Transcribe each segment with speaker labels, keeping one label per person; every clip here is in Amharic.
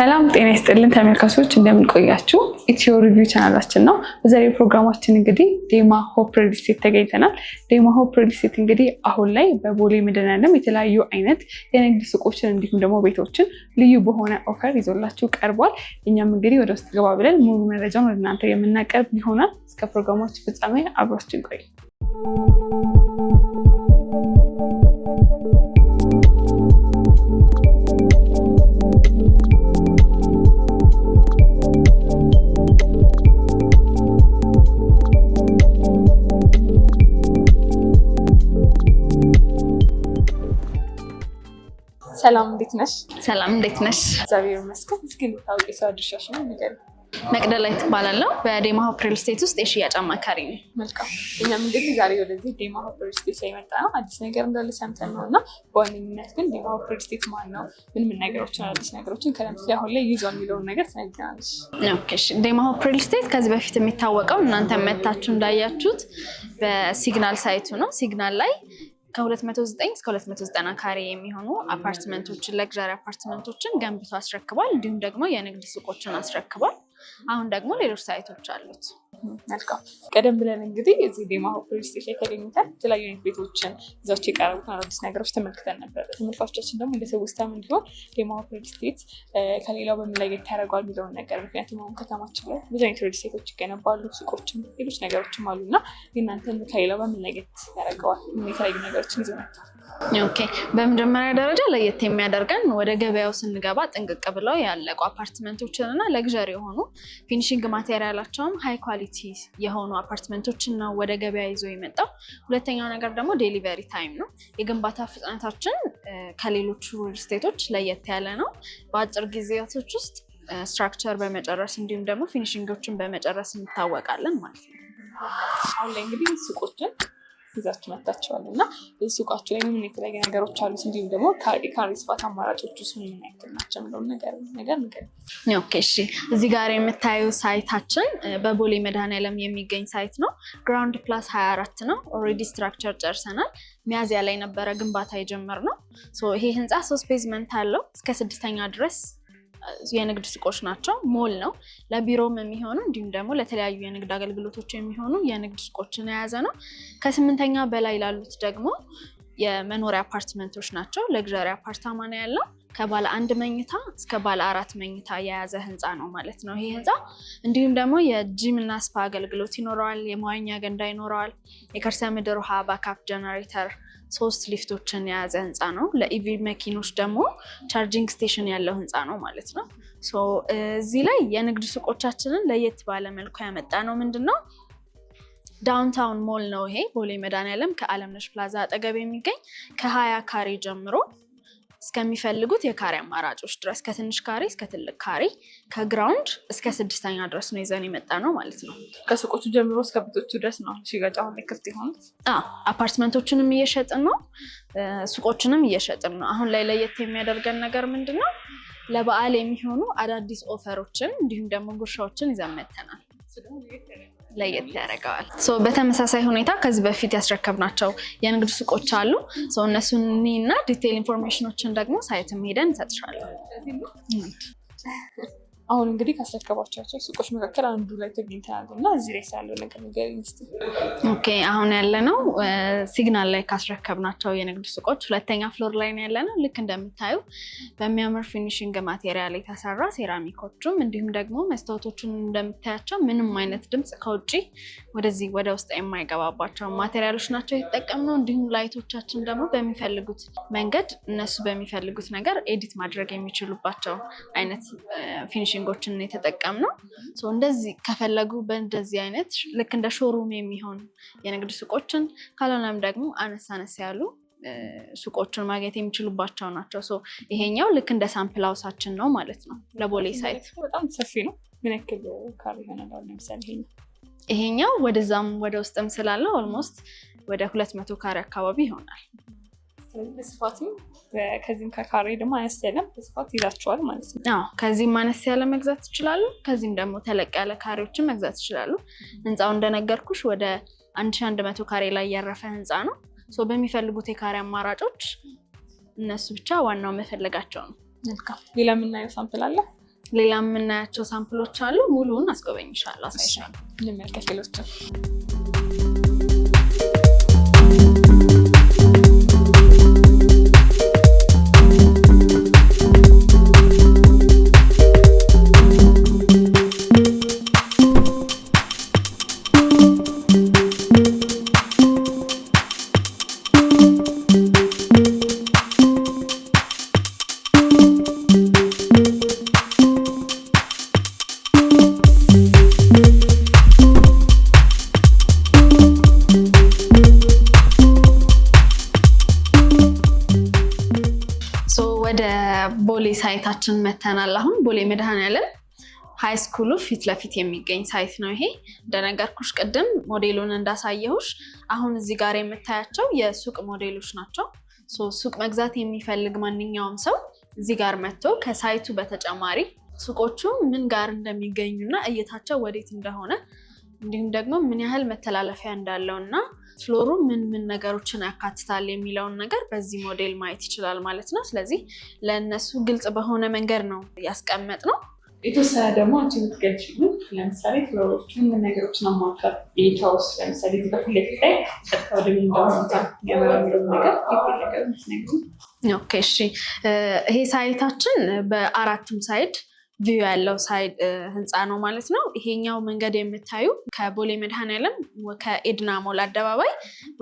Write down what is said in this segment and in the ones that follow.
Speaker 1: ሰላም ጤና ይስጥልን ተመልካቾች፣ እንደምንቆያችሁ ኢትዮ ሪቪው ቻናላችን ነው። በዛሬው ፕሮግራማችን እንግዲህ ዴማ ሆፕ ሪል ስቴት ተገኝተናል። ዴማ ሆፕ ሪል ስቴት እንግዲህ አሁን ላይ በቦሌ መድኃኔዓለም የተለያዩ አይነት የንግድ ሱቆችን እንዲሁም ደግሞ ቤቶችን ልዩ በሆነ ኦፈር ይዞላችሁ ቀርቧል። እኛም እንግዲህ ወደ ውስጥ ገባ ብለን ሙሉ መረጃውን ወደ እናንተ የምናቀርብ ይሆናል። እስከ ፕሮግራማችን ፍጻሜ አብሯችን ቆይ ሰላም እንዴት ነሽ?
Speaker 2: ሰላም እንዴት ነሽ?
Speaker 1: እግዚአብሔር ይመስገን። እስኪ እንድታወቂ ሰው አድርሻሽ ነው የሚገርም
Speaker 2: መቅደላይ ትባላለው በዴማ ሆፕ ሪል ስቴት ውስጥ የሽያጭ አማካሪ ነው።
Speaker 1: መልካም። እኛም እንግዲህ ዛሬ ወደዚህ ዴማ ሆፕ ሪል ስቴት ላይ መጣ ነው አዲስ ነገር እንዳለ ሰምተን ነው እና በዋነኝነት ግን ዴማ ሆፕ ሪል ስቴት ማን ነው፣ ምን ምን ነገሮችን አዲስ ነገሮችን ከለምስ ላይ አሁን ላይ ይዞ የሚለውን ነገር ትነግናለች።
Speaker 2: ዴማ ሆፕ ሪል ስቴት ከዚህ በፊት የሚታወቀው እናንተ መታችሁ እንዳያችሁት በሲግናል ሳይቱ ነው። ሲግናል ላይ ከ209 እስከ 290 ካሬ የሚሆኑ አፓርትመንቶችን ለግዣሪ አፓርትመንቶችን ገንብቶ አስረክቧል። እንዲሁም ደግሞ የንግድ ሱቆችን አስረክቧል። አሁን ደግሞ ሌሎች ሳይቶች አሉት።
Speaker 1: መልካም ቀደም ብለን እንግዲህ እዚህ ዴማ ሆፕ ሪል ስቴት ላይ ተገኝተን የተለያዩ አይነት ቤቶችን ዛች የቀረቡትን አዳዲስ ነገሮች ተመልክተን ነበር። ተመልካቾቻችን ደግሞ እንደ ትውስታም እንዲሆን ዴማ ሆፕ ከሌላው በምን ላይ ይታረጓል የሚለውን ነገር ምክንያቱም አሁን ከተማችን ላይ ብዙ አይነት ሪል ይገነባሉ፣ ሱቆችም ሌሎች ነገሮችም አሉ እና የእናንተን ከሌላው በምን ላይ ያደረገዋል የተለያዩ ነገሮችን ይዘው መጥተዋል።
Speaker 2: ኦኬ በመጀመሪያ ደረጃ ለየት የሚያደርገን ወደ ገበያው ስንገባ ጥንቅቅ ብለው ያለቁ አፓርትመንቶችን እና ለግዠሪ የሆኑ ፊኒሽንግ ማቴሪያላቸውም ሃይ ኳሊቲ የሆኑ አፓርትመንቶችን ነው ወደ ገበያ ይዞ የመጣው። ሁለተኛው ነገር ደግሞ ዴሊቨሪ ታይም ነው። የግንባታ ፍጥነታችን ከሌሎቹ ሪል ስቴቶች ለየት ያለ ነው። በአጭር ጊዜያቶች ውስጥ ስትራክቸር በመጨረስ እንዲሁም ደግሞ ፊኒሽንጎችን በመጨረስ እንታወቃለን ማለት ነው።
Speaker 1: አሁን ላይ እንግዲህ ሱቆችን ይዛችሁ መታችኋል እና ሱቃችሁ ላይ ምን የተለያየ ነገሮች አሉት፣ እንዲሁም ደግሞ ካሬ ስፋት አማራጮች ውስጥ ምን ያክል ናቸው የሚለውን ነገር ነገር ነገር
Speaker 2: ኦኬ። እሺ፣ እዚህ ጋር የምታዩ ሳይታችን በቦሌ መድኃኔዓለም የሚገኝ ሳይት ነው። ግራውንድ ፕላስ 24 ነው። ኦልሬዲ ስትራክቸር ጨርሰናል። ሚያዝያ ላይ ነበረ ግንባታ የጀመርነው። ይሄ ህንፃ ሶስት ቤዝመንት አለው እስከ ስድስተኛ ድረስ የንግድ ሱቆች ናቸው። ሞል ነው። ለቢሮም የሚሆኑ እንዲሁም ደግሞ ለተለያዩ የንግድ አገልግሎቶች የሚሆኑ የንግድ ሱቆችን የያዘ ነው። ከስምንተኛ በላይ ላሉት ደግሞ የመኖሪያ አፓርትመንቶች ናቸው። ለግዣሪ አፓርታማ ነው ያለው። ከባለ አንድ መኝታ እስከ ባለ አራት መኝታ የያዘ ህንፃ ነው ማለት ነው ይሄ ህንፃ። እንዲሁም ደግሞ የጂም እና ስፓ አገልግሎት ይኖረዋል። የመዋኛ ገንዳ ይኖረዋል። የከርሰ ምድር ውሃ ባካፕ ጀነሬተር ሶስት ሊፍቶችን የያዘ ህንፃ ነው። ለኢቪ መኪኖች ደግሞ ቻርጂንግ ስቴሽን ያለው ህንፃ ነው ማለት ነው። እዚህ ላይ የንግድ ሱቆቻችንን ለየት ባለ መልኩ ያመጣ ነው ምንድን ነው ዳውንታውን ሞል ነው ይሄ ቦሌ መድኃኒዓለም ከአለምነሽ ፕላዛ አጠገብ የሚገኝ ከሀያ ካሬ ጀምሮ እስከሚፈልጉት የካሬ አማራጮች ድረስ ከትንሽ ካሬ እስከ ትልቅ ካሬ ከግራውንድ እስከ ስድስተኛ ድረስ ነው ይዘን የመጣ ነው ማለት ነው።
Speaker 1: ከሱቆቹ ጀምሮ እስከ ቤቶቹ ድረስ ነው ሽያጭ አሁን ክፍት የሆኑት።
Speaker 2: አፓርትመንቶችንም እየሸጥን ነው፣ ሱቆችንም እየሸጥን ነው። አሁን ላይ ለየት የሚያደርገን ነገር ምንድን ነው? ለበዓል የሚሆኑ አዳዲስ ኦፈሮችን እንዲሁም ደግሞ ጉርሻዎችን ይዘን መተናል። ለየት ያደርገዋል። በተመሳሳይ ሁኔታ ከዚህ በፊት ያስረከብናቸው የንግድ ሱቆች አሉ። እነሱን እና ዲቴይል ኢንፎርሜሽኖችን ደግሞ ሳይትም ሄደን እንሰጥሻለን።
Speaker 1: አሁን እንግዲህ ካስረከባቸው ሱቆች መካከል አንዱ ላይ ተገኝተናል እና እዚህ ላይ ስላለው ነገር ንገሪኝ እስኪ።
Speaker 2: ኦኬ አሁን ነው ሲግናል ላይ ካስረከብናቸው የንግድ ሱቆች ሁለተኛ ፍሎር ላይ ነው ያለ ነው። ልክ እንደምታዩ በሚያምር ፊኒሽንግ ማቴሪያል የተሰራ ሴራሚኮቹም እንዲሁም ደግሞ መስታወቶቹን እንደምታያቸው ምንም አይነት ድምፅ ከውጭ ወደዚህ ወደ ውስጥ የማይገባባቸው ማቴሪያሎች ናቸው የተጠቀምነው። እንዲሁም ላይቶቻችን ደግሞ በሚፈልጉት መንገድ እነሱ በሚፈልጉት ነገር ኤዲት ማድረግ የሚችሉባቸው አይነት ፊኒሽንግ የተጠቀም ነው። እንደዚህ ከፈለጉ በእንደዚህ አይነት ልክ እንደ ሾሩም የሚሆን የንግድ ሱቆችን ካልሆነም ደግሞ አነስ አነስ ያሉ ሱቆችን ማግኘት የሚችሉባቸው ናቸው። ይሄኛው ልክ እንደ ሳምፕል ሀውሳችን ነው ማለት ነው። ለቦሌ ሳይት
Speaker 1: በጣም ሰፊ ነው። ምን ያክል ካሬ ይሆናል? ለምሳሌ
Speaker 2: ይሄኛው ወደዛም ወደ ውስጥም ስላለው ኦልሞስት ወደ ሁለት መቶ ካሬ አካባቢ ይሆናል።
Speaker 1: በስፋትም ከዚህም ከካሬ ደግሞ አነስ ያለም በስፋት ይዛቸዋል ማለት
Speaker 2: ነው። ከዚህም አነስ ያለ መግዛት ይችላሉ። ከዚህም ደግሞ ተለቅ ያለ ካሬዎችን መግዛት ይችላሉ። ህንፃው እንደነገርኩሽ ወደ 1100 ካሬ ላይ ያረፈ ህንፃ ነው። በሚፈልጉት የካሬ አማራጮች እነሱ ብቻ ዋናው መፈለጋቸው ነው።
Speaker 1: ሌላ የምናየው ሳምፕል አለ።
Speaker 2: ሌላ የምናያቸው ሳምፕሎች አሉ። ሙሉውን አስጎበኝሻለሁ፣ አሳይሻለሁ። እንመልከት ሌሎችን ከተማችን መተናል። አሁን ቦሌ መድኃኔዓለም ያለን ስኩሉ ፊት ለፊት የሚገኝ ሳይት ነው ይሄ። እንደነገርኩሽ ቅድም ሞዴሉን እንዳሳየሁሽ አሁን እዚህ ጋር የምታያቸው የሱቅ ሞዴሎች ናቸው። ሱቅ መግዛት የሚፈልግ ማንኛውም ሰው እዚህ ጋር መጥቶ ከሳይቱ በተጨማሪ ሱቆቹ ምን ጋር እንደሚገኙና እይታቸው ወዴት እንደሆነ እንዲሁም ደግሞ ምን ያህል መተላለፊያ እንዳለው እና ፍሎሩ ምን ምን ነገሮችን ያካትታል የሚለውን ነገር በዚህ ሞዴል ማየት ይችላል ማለት ነው። ስለዚህ ለእነሱ ግልጽ በሆነ መንገድ ነው ያስቀመጥ ነው።
Speaker 1: የተወሰነ ደግሞ አንቺ የምትገጭ ለምሳሌ ፍሎሮች ምን ነገሮች ነው አሟልቷል ቤታ ውስጥ ለምሳሌ እዚህ በፊት ላይ ቀጥታ ወደ ሚንዳታ የመረምረው ነገር ይፈለጋል።
Speaker 2: እሺ ይሄ ሳይታችን በአራቱም ሳይድ ቪው ያለው ሳይድ ህንፃ ነው ማለት ነው። ይሄኛው መንገድ የምታዩ ከቦሌ መድኃኔዓለም ከኤድና ሞል አደባባይ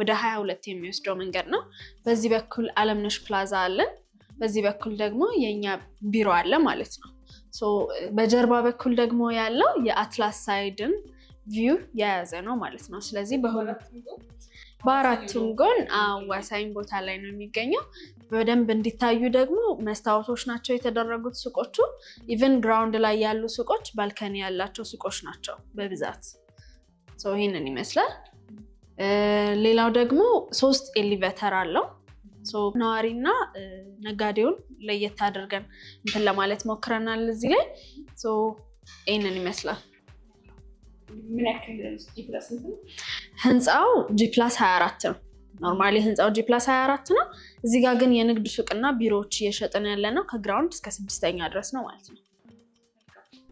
Speaker 2: ወደ ሀያ ሁለት የሚወስደው መንገድ ነው። በዚህ በኩል አለምነሽ ፕላዛ አለን። በዚህ በኩል ደግሞ የእኛ ቢሮ አለ ማለት ነው። በጀርባ በኩል ደግሞ ያለው የአትላስ ሳይድን ቪው የያዘ ነው ማለት ነው። ስለዚህ በሁለቱም በአራቱም ጎን አዋሳኝ ቦታ ላይ ነው የሚገኘው። በደንብ እንዲታዩ ደግሞ መስታወቶች ናቸው የተደረጉት ሱቆቹ። ኢቨን ግራውንድ ላይ ያሉ ሱቆች ባልከኒ ያላቸው ሱቆች ናቸው በብዛት። ይህንን ይመስላል። ሌላው ደግሞ ሶስት ኤሊቬተር አለው። ነዋሪና ነጋዴውን ለየት አድርገን እንትን ለማለት ሞክረናል እዚህ ላይ። ይህንን ይመስላል። ህንፃው ጂፕላስ 24 ነው። ኖርማሊ ህንፃው ጂ ፕላስ 24 ነው። እዚህ ጋር ግን የንግድ ሱቅና ቢሮዎች እየሸጥን ያለ ነው። ከግራውንድ እስከ ስድስተኛ ድረስ ነው ማለት ነው።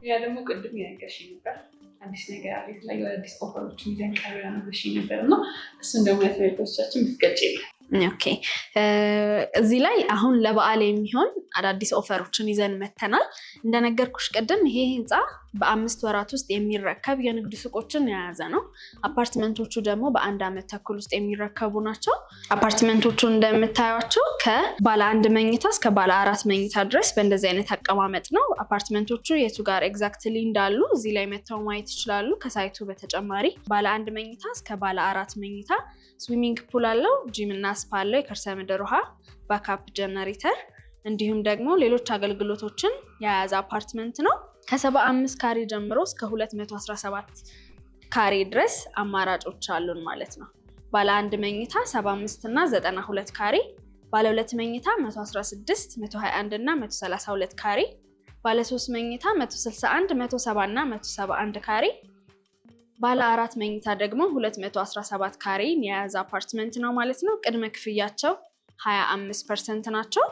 Speaker 1: ያ ደግሞ ቅድም የነገርሽ ነበር አዲስ ነገር አለ የተለያዩ አዲስ ኦፈሮችን ይዘን ቀርበ ነገርሽ ነበር እና እሱን ደግሞ ለተመልካቾቻችን ብትገልጪ ይላል።
Speaker 2: ኦኬ እዚህ ላይ አሁን ለበዓል የሚሆን አዳዲስ ኦፈሮችን ይዘን መተናል። እንደነገርኩሽ ቅድም ይሄ ህንፃ በአምስት ወራት ውስጥ የሚረከብ የንግድ ሱቆችን የያዘ ነው። አፓርትመንቶቹ ደግሞ በአንድ ዓመት ተኩል ውስጥ የሚረከቡ ናቸው። አፓርትመንቶቹ እንደምታዩቸው ከባለ አንድ መኝታ እስከ ባለ አራት መኝታ ድረስ በእንደዚህ አይነት አቀማመጥ ነው። አፓርትመንቶቹ የቱ ጋር ኤግዛክትሊ እንዳሉ እዚህ ላይ መጥተው ማየት ይችላሉ። ከሳይቱ በተጨማሪ ባለ አንድ መኝታ እስከ ባለ አራት መኝታ ስዊሚንግ ፑል አለው፣ ጂም እና ስፓ አለው፣ የከርሰ ምድር ውሃ፣ ባካፕ ጀነሬተር እንዲሁም ደግሞ ሌሎች አገልግሎቶችን የያዘ አፓርትመንት ነው። ከ75 ካሬ ጀምሮ እስከ 217 ካሬ ድረስ አማራጮች አሉን ማለት ነው። ባለ አንድ መኝታ 75 እና 92 ካሬ፣ ባለ ሁለት መኝታ 116፣ 121 እና 132 ካሬ፣ ባለ ሶስት መኝታ 161፣ 170 እና 171 ካሬ፣ ባለ አራት መኝታ ደግሞ 217 ካሬን የያዘ አፓርትመንት ነው ማለት ነው። ቅድመ ክፍያቸው 25 ፐርሰንት ናቸው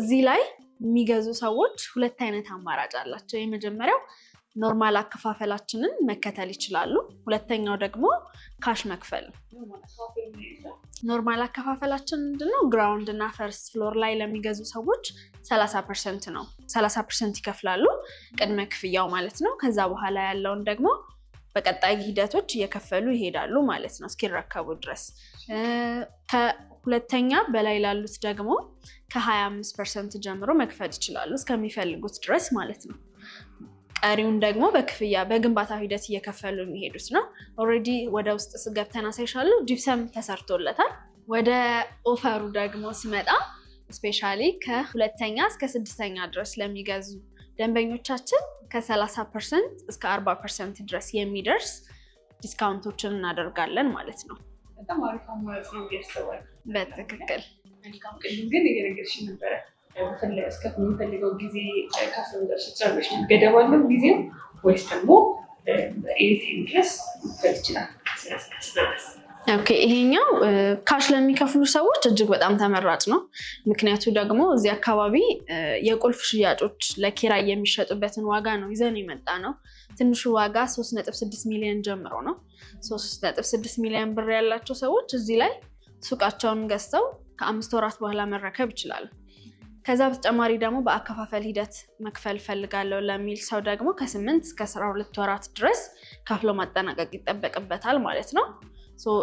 Speaker 2: እዚህ ላይ የሚገዙ ሰዎች ሁለት አይነት አማራጭ አላቸው። የመጀመሪያው ኖርማል አከፋፈላችንን መከተል ይችላሉ። ሁለተኛው ደግሞ ካሽ መክፈል። ኖርማል አከፋፈላችን ምንድነው? ግራውንድ እና ፈርስት ፍሎር ላይ ለሚገዙ ሰዎች 30 ፐርሰንት ነው። 30 ፐርሰንት ይከፍላሉ፣ ቅድመ ክፍያው ማለት ነው። ከዛ በኋላ ያለውን ደግሞ በቀጣይ ሂደቶች እየከፈሉ ይሄዳሉ ማለት ነው እስኪረከቡ ድረስ። ከሁለተኛ በላይ ላሉት ደግሞ ከ25 ፐርሰንት ጀምሮ መክፈል ይችላሉ እስከሚፈልጉት ድረስ ማለት ነው። ቀሪውን ደግሞ በክፍያ በግንባታ ሂደት እየከፈሉ የሚሄዱት ነው። ኦልሬዲ ወደ ውስጥ ገብተን አሳይሻለሁ። ጂፕሰም ተሰርቶለታል። ወደ ኦፈሩ ደግሞ ሲመጣ ስፔሻሊ ከሁለተኛ እስከ ስድስተኛ ድረስ ለሚገዙ ደንበኞቻችን ከ30 ፐርሰንት እስከ 40 ፐርሰንት ድረስ የሚደርስ ዲስካውንቶችን እናደርጋለን ማለት ነው።
Speaker 1: በጣም አሪፍ አማራጭ ነው ያስባል።
Speaker 2: በትክክል
Speaker 1: ግን እየነገርሽ ነበረ እስከምንፈልገው ጊዜ ካስመደርሽ ጨርሽ ገደብ አለው ጊዜው ወይስ ደግሞ ኤኒታይም ድረስ ይችላል? ስለስለስ
Speaker 2: ኦኬ ይሄኛው ካሽ ለሚከፍሉ ሰዎች እጅግ በጣም ተመራጭ ነው። ምክንያቱ ደግሞ እዚህ አካባቢ የቁልፍ ሽያጮች ለኪራይ የሚሸጡበትን ዋጋ ነው ይዘን የመጣ ነው። ትንሹ ዋጋ 3.6 ሚሊዮን ጀምሮ ነው። 3.6 ሚሊዮን ብር ያላቸው ሰዎች እዚህ ላይ ሱቃቸውን ገዝተው ከአምስት ወራት በኋላ መረከብ ይችላሉ። ከዛ በተጨማሪ ደግሞ በአከፋፈል ሂደት መክፈል ፈልጋለሁ ለሚል ሰው ደግሞ ከ8 እስከ 12 ወራት ድረስ ከፍሎ ማጠናቀቅ ይጠበቅበታል ማለት ነው።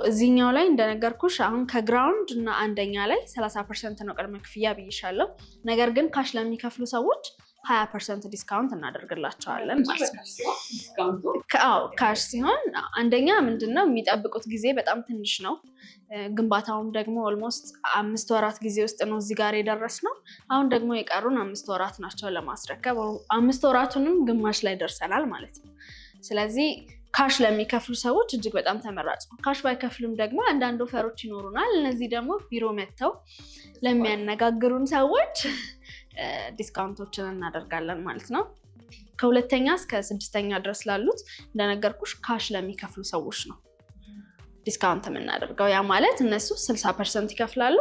Speaker 2: እዚህኛው ላይ እንደነገርኩሽ አሁን ከግራውንድ እና አንደኛ ላይ 30 ፐርሰንት ነው ቅድመ ክፍያ ብይሻለሁ። ነገር ግን ካሽ ለሚከፍሉ ሰዎች 20 ፐርሰንት ዲስካውንት እናደርግላቸዋለን ማለት ነው። ካሽ ሲሆን አንደኛ ምንድን ነው የሚጠብቁት ጊዜ በጣም ትንሽ ነው። ግንባታውም ደግሞ ኦልሞስት አምስት ወራት ጊዜ ውስጥ ነው እዚህ ጋር የደረስ ነው። አሁን ደግሞ የቀሩን አምስት ወራት ናቸው ለማስረከብ። አምስት ወራቱንም ግማሽ ላይ ደርሰናል ማለት ነው። ስለዚህ ካሽ ለሚከፍሉ ሰዎች እጅግ በጣም ተመራጭ ነው። ካሽ ባይከፍልም ደግሞ አንዳንድ ኦፈሮች ይኖሩናል። እነዚህ ደግሞ ቢሮ መጥተው ለሚያነጋግሩን ሰዎች ዲስካውንቶችን እናደርጋለን ማለት ነው። ከሁለተኛ እስከ ስድስተኛ ድረስ ላሉት እንደነገርኩሽ ካሽ ለሚከፍሉ ሰዎች ነው ዲስካውንት የምናደርገው። ያ ማለት እነሱ ስልሳ ፐርሰንት ይከፍላሉ፣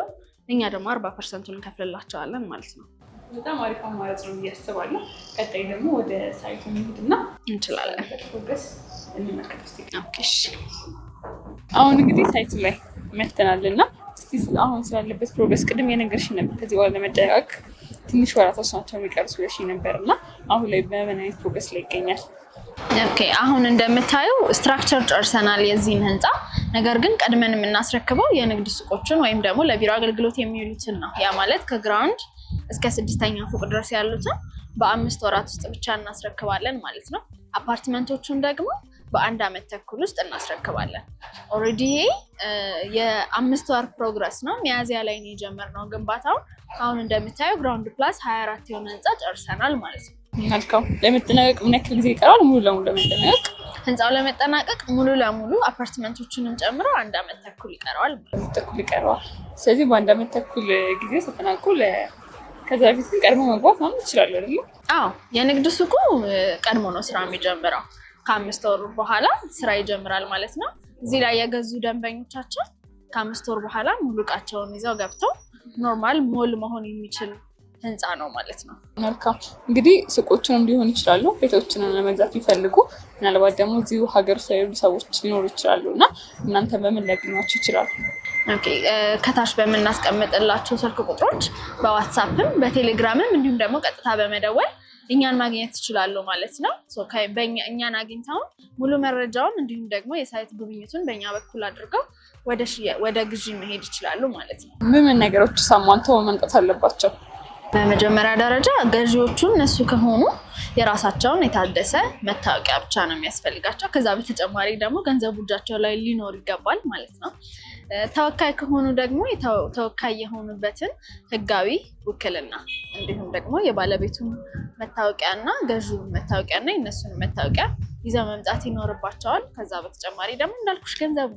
Speaker 2: እኛ ደግሞ አርባ ፐርሰንቱን እንከፍልላቸዋለን ማለት ነው።
Speaker 1: በጣም አሪፍ አማራጭ ነው ብዬ አስባለሁ። ቀጣይ ደግሞ ወደ ሳይቱ መሄድና እንችላለን ፎገስ እንመልከት ስ አሁን እንግዲህ ሳይቱ ላይ መተናል እና አሁን ስላለበት ፕሮግረስ ቅድም የነገርሽ ነበር። ከዚህ በኋላ ለመጠናቀቅ ትንሽ ወራቶች ናቸው የሚቀርሱ ስለሽ ነበር እና አሁን ላይ በምን አይነት ፕሮግረስ ላይ ይገኛል?
Speaker 2: ኦኬ አሁን እንደምታየው ስትራክቸር ጨርሰናል የዚህን ህንፃ። ነገር ግን ቀድመን የምናስረክበው የንግድ ሱቆችን ወይም ደግሞ ለቢሮ አገልግሎት የሚውሉትን ነው። ያ ማለት ከግራውንድ እስከ ስድስተኛ ፎቅ ድረስ ያሉትን በአምስት ወራት ውስጥ ብቻ እናስረክባለን ማለት ነው። አፓርትመንቶቹን ደግሞ በአንድ አመት ተኩል ውስጥ እናስረክባለን። ኦልሬዲ ይሄ የአምስት ወር ፕሮግረስ ነው። ሚያዚያ ላይ ነው የጀመርነው ግንባታው። አሁን እንደምታየው ግራውንድ ፕላስ ሀያ አራት የሆነ ህንፃ ጨርሰናል ማለት ነው።
Speaker 1: ያልከው ለመጠናቀቅ ምን ያክል ጊዜ ይቀራል? ሙሉ ለሙሉ ለመጠናቀቅ
Speaker 2: ህንፃው ለመጠናቀቅ ሙሉ ለሙሉ አፓርትመንቶችንም ጨምሮ አንድ አመት ተኩል ይቀረዋል
Speaker 1: ተኩል ይቀረዋል። ስለዚህ በአንድ አመት ተኩል ጊዜ ተጠናቁ ከዛ በፊት ግን ቀድሞ መግባት ምናምን ትችላለ አይደለ?
Speaker 2: አዎ የንግድ ሱቁ ቀድሞ ነው ስራ የሚጀምረው። ከአምስት ወር በኋላ ስራ ይጀምራል ማለት ነው። እዚህ ላይ የገዙ ደንበኞቻችን ከአምስት ወር በኋላ ሙሉ እቃቸውን ይዘው ገብተው ኖርማል ሞል መሆን የሚችል ህንፃ ነው ማለት ነው።
Speaker 1: መልካም እንግዲህ ሱቆችንም ሊሆን ይችላሉ ቤቶችንን ለመግዛት ይፈልጉ ምናልባት ደግሞ እዚሁ ሀገር ውስጥ ያሉ ሰዎች ሊኖሩ ይችላሉ እና እናንተ በምን ሊያገኟቸው ይችላሉ?
Speaker 2: ከታች በምናስቀምጥላቸው ስልክ ቁጥሮች በዋትሳፕም በቴሌግራምም እንዲሁም ደግሞ ቀጥታ በመደወል እኛን ማግኘት ይችላሉ ማለት ነው። እኛን አግኝተውን ሙሉ መረጃውን እንዲሁም ደግሞ የሳይት ጉብኝቱን በእኛ በኩል አድርገው ወደ ግዢ መሄድ ይችላሉ ማለት ነው።
Speaker 1: ምን ምን ነገሮች ሳሟልተው መምጣት አለባቸው?
Speaker 2: በመጀመሪያ ደረጃ ገዢዎቹ እነሱ ከሆኑ የራሳቸውን የታደሰ መታወቂያ ብቻ ነው የሚያስፈልጋቸው። ከዛ በተጨማሪ ደግሞ ገንዘቡ እጃቸው ላይ ሊኖር ይገባል ማለት ነው። ተወካይ ከሆኑ ደግሞ ተወካይ የሆኑበትን ሕጋዊ ውክልና እንዲሁም ደግሞ የባለቤቱን መታወቂያና ገዢውን መታወቂያና የእነሱን መታወቂያ ይዘው መምጣት ይኖርባቸዋል። ከዛ በተጨማሪ ደግሞ እንዳልኩሽ ገንዘቡ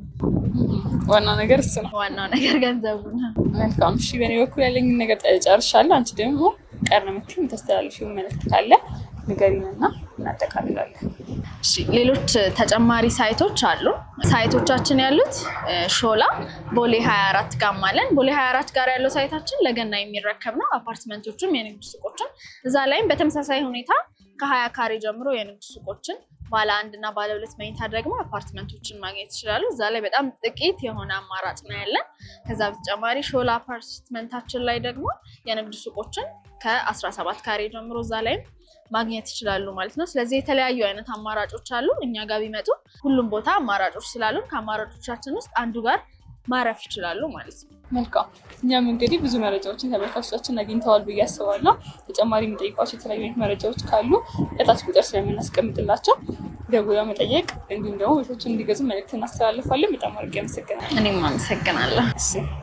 Speaker 1: ዋና ነገር እሱ ነው።
Speaker 2: ዋናው ነገር ገንዘቡ ነው።
Speaker 1: መልካም። እሺ በእኔ በኩል ያለኝን ነገር ጨርሻለሁ። አንቺ ደግሞ ቀር ምክር የምታስተላልፊው መልዕክት ካለ ንገሪንና እናጠቃልላለን።
Speaker 2: ሌሎች ተጨማሪ ሳይቶች አሉ። ሳይቶቻችን ያሉት ሾላ ቦሌ 24 ጋር ማለን። ቦሌ 24 ጋር ያለው ሳይታችን ለገና የሚረከብ ነው። አፓርትመንቶችም የንግድ ሱቆችም እዛ ላይም በተመሳሳይ ሁኔታ ከሀያ ካሬ ጀምሮ የንግድ ሱቆችን ባለ አንድ እና ባለ ሁለት መኝታ ደግሞ አፓርትመንቶችን ማግኘት ይችላሉ። እዛ ላይ በጣም ጥቂት የሆነ አማራጭ ነው ያለን። ከዛ በተጨማሪ ሾላ አፓርትመንታችን ላይ ደግሞ የንግድ ሱቆችን ከ17 ካሬ ጀምሮ እዛ ላይም ማግኘት ይችላሉ ማለት ነው። ስለዚህ የተለያዩ አይነት አማራጮች አሉ። እኛ ጋር ቢመጡ ሁሉም ቦታ አማራጮች ስላሉን ከአማራጮቻችን ውስጥ አንዱ ጋር ማረፍ ይችላሉ ማለት ነው።
Speaker 1: መልካም። እኛም እንግዲህ ብዙ መረጃዎችን ተመልካቾቻችን አግኝተዋል ብዬ አስባለሁ። ተጨማሪ የሚጠይቋቸው የተለያዩ መረጃዎች ካሉ እታች ቁጥር ስለምናስቀምጥላቸው ደውለው መጠየቅ እንዲሁም ደግሞ ቤቶችን እንዲገዙ መልእክት እናስተላልፋለን። በጣም አድርጌ አመሰግናለሁ።
Speaker 2: እኔም አመሰግናለሁ።